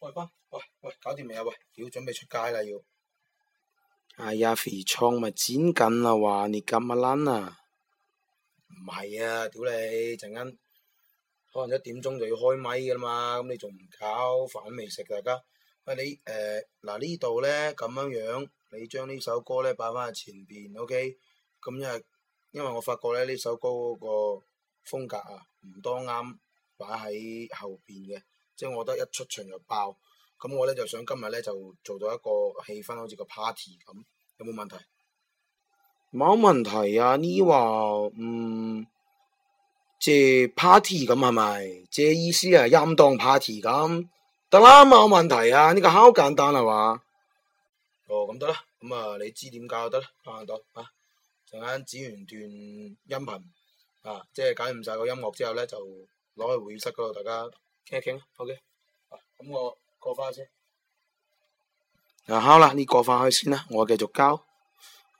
外班，喂喂，搞掂未啊？喂，屌，準備出街啦！要。哎呀，肥倉咪剪緊啦，話你咁啊卵啊！唔係啊，屌你！陣間可能一點鐘就要開咪噶啦嘛，咁你仲唔搞飯未食？大家，喂、呃呃，你誒，嗱呢度咧咁樣樣，你將呢首歌咧擺翻喺前邊，OK？咁因為因為我發覺咧呢首歌個風格啊唔多啱擺喺後邊嘅。即係我覺得一出場就爆，咁我咧就想今日咧就做到一個氣氛，好似個 party 咁，有冇問題？冇問題啊！呢話嗯，即係 party 咁係咪？即係意思係、啊、音檔 party 咁得啦，冇問題啊！呢、這個好簡單啊嘛。哦，咁得啦，咁、嗯、啊，你知點搞得啦？聽得到啊？陣間剪完段音頻啊，即係解唔晒個音樂之後咧，就攞去會議室嗰度大家。傾傾，聽聽 OK 啊。嗯、好嘅。咁我過翻先。嗱，好啦，你過翻去先啦，我繼續交。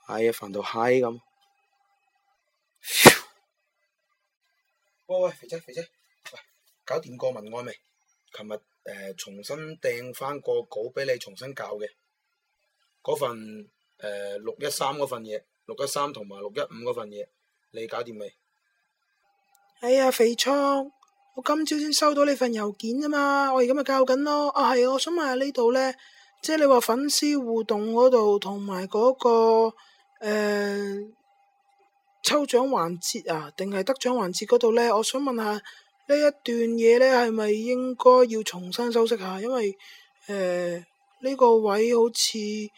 喺、哎、呀，煩到嗨咁。喂喂，肥仔，肥仔，搞掂個文案未？琴日誒，重新掟翻個稿俾你，重新教嘅嗰份誒，六一三嗰份嘢，六一三同埋六一五嗰份嘢，你搞掂未？哎呀，肥倉。我今朝先收到呢份郵件啊嘛，我而家咪教緊咯。啊，係啊，我想問下呢度咧，即係你話粉絲互動嗰度同埋嗰個誒、呃、抽獎環節啊，定係得獎環節嗰度咧？我想問下呢一段嘢咧，係咪應該要重新修飾下？因為誒呢、呃，呢個位好似誒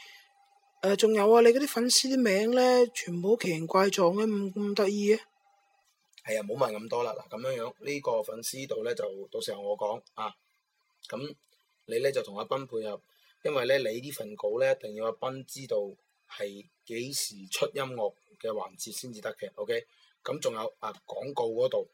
仲有啊，你嗰啲粉絲啲名咧，全部奇形怪狀嘅唔咁得意啊！係啊，冇問咁多啦。嗱，咁樣樣呢個粉絲度咧，就到時候我講啊。咁你咧就同阿斌配合，因為咧你呢份稿咧，一定要阿斌知道係幾時出音樂嘅環節先至得嘅。OK。咁仲有啊廣告嗰度，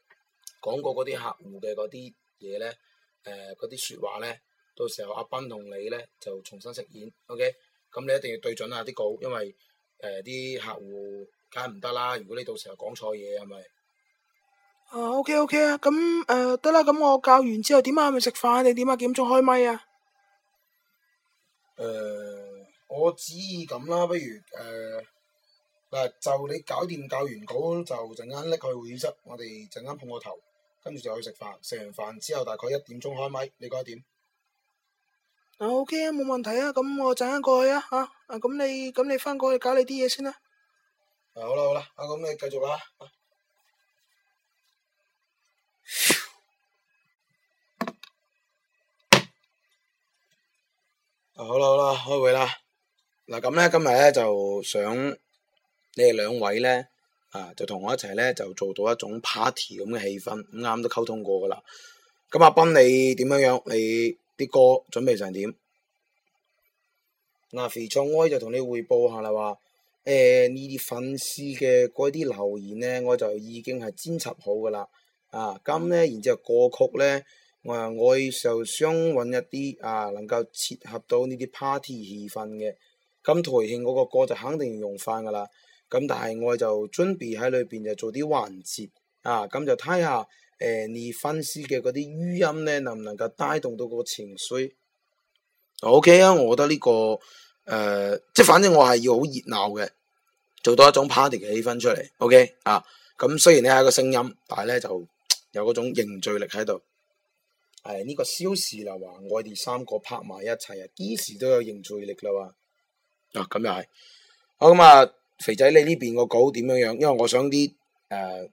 廣告嗰啲客戶嘅嗰啲嘢咧，誒嗰啲說話咧，到時候阿斌同你咧就重新飾演。OK。咁你一定要對準下啲稿，因為誒啲、呃、客戶梗係唔得啦。如果你到時候講錯嘢，係咪？啊，OK，OK 啊，咁誒得啦，咁我教完之後點啊？咪食飯定點啊？幾點鐘開咪啊？誒，我建議咁啦，不如誒嗱、呃呃，就你搞掂教完稿就陣間拎去會議室，我哋陣間碰個頭，跟住就去食飯。食完飯之後大概一點鐘開咪，你覺得點？啊 OK 啊，冇問題啊，咁我陣間過去啊，吓，啊咁你咁你翻過去搞你啲嘢先啦。啊好啦好啦，啊咁你繼續啦。好啦好啦，開會啦！嗱咁咧，今日咧就想你哋兩位咧啊，就同我一齊咧就做到一種 party 咁嘅氣氛，咁、嗯、啱、啊、都溝通過噶啦。咁阿斌你點樣樣？你啲歌準備成點？嗱、啊，肥壯愛就同你匯報下啦，話誒，你、呃、哋粉絲嘅嗰啲留言咧，我就已經係剪輯好噶啦。啊，咁咧，然之後歌曲咧。我啊，我就想揾一啲啊，能夠切合到呢啲 party 氣氛嘅，咁、啊、台慶嗰個歌就肯定要用翻噶啦。咁、啊、但係我就準備喺裏邊就做啲環節啊，咁就睇下誒你分析嘅嗰啲語音咧，能唔能夠帶動到個情緒。OK 啊,啊，我覺得呢、這個誒、呃，即係反正我係要好熱鬧嘅，做多一種 party 嘅氣氛出嚟。OK 啊，咁、啊啊啊、雖然你係一個聲音，但係咧就有嗰種凝聚力喺度。係呢個消息啦，哇！我哋三個拍埋一齊啊，幾時都有凝聚力啦，哇、啊！咁又係，好咁啊、嗯，肥仔你呢邊個稿點樣樣？因為我想啲誒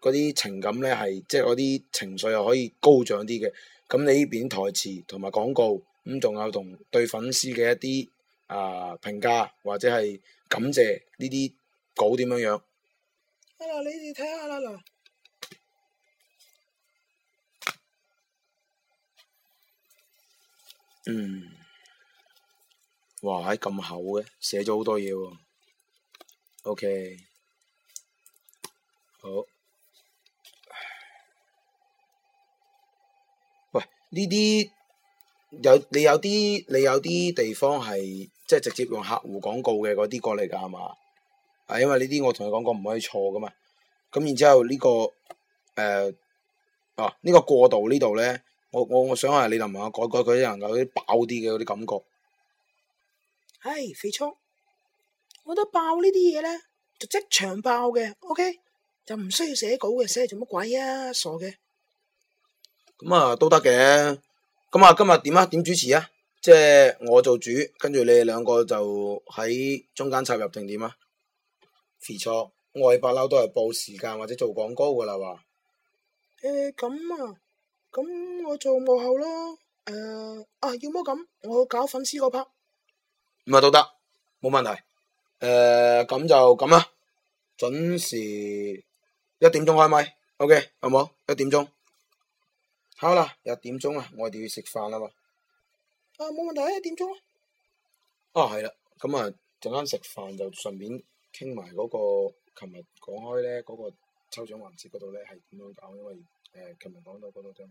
嗰啲情感咧係，即係嗰啲情緒又可以高漲啲嘅。咁你呢邊台詞同埋廣告，咁、嗯、仲有同對粉絲嘅一啲啊、呃、評價或者係感謝呢啲稿點樣樣？啊啦，你哋睇下啦啦。嗯，哇！喺咁厚嘅，寫咗好多嘢喎、哦。OK，好。喂，呢啲有你有啲你有啲地方係即係直接用客戶廣告嘅嗰啲過嚟㗎係嘛？係因為呢啲我同你講過唔可以錯㗎嘛。咁然之後呢、呢個誒、呃、啊呢、呢個過渡呢度咧。我我我想係你同埋我改改佢，能有啲爆啲嘅嗰啲感覺。唉、哎，肥初，我覺得爆呢啲嘢咧就即場爆嘅，OK，就唔需要寫稿嘅，寫嚟做乜鬼啊，傻嘅。咁啊，都得嘅。咁啊，今日點啊？點主持啊？即係我做主，跟住你哋兩個就喺中間插入定點啊。肥初，外八嬲都係報時間或者做廣告噶啦話。誒、哎，咁啊。咁我做幕後咯，誒、uh, 啊，要麼咁，我搞粉絲個 part，唔係都得，冇問題，誒、uh, 咁就咁啦，準時一點鐘開咪，ok 好唔好？一點鐘，好啦，一點鐘啊，我哋要食飯啦嘛，啊冇、uh, 問題，一點鐘啊，啊係啦，咁啊陣間食飯就順便傾埋嗰個，琴日講開咧嗰個抽獎環節嗰度咧係點樣搞，因為。誒，琴日講到嗰度就。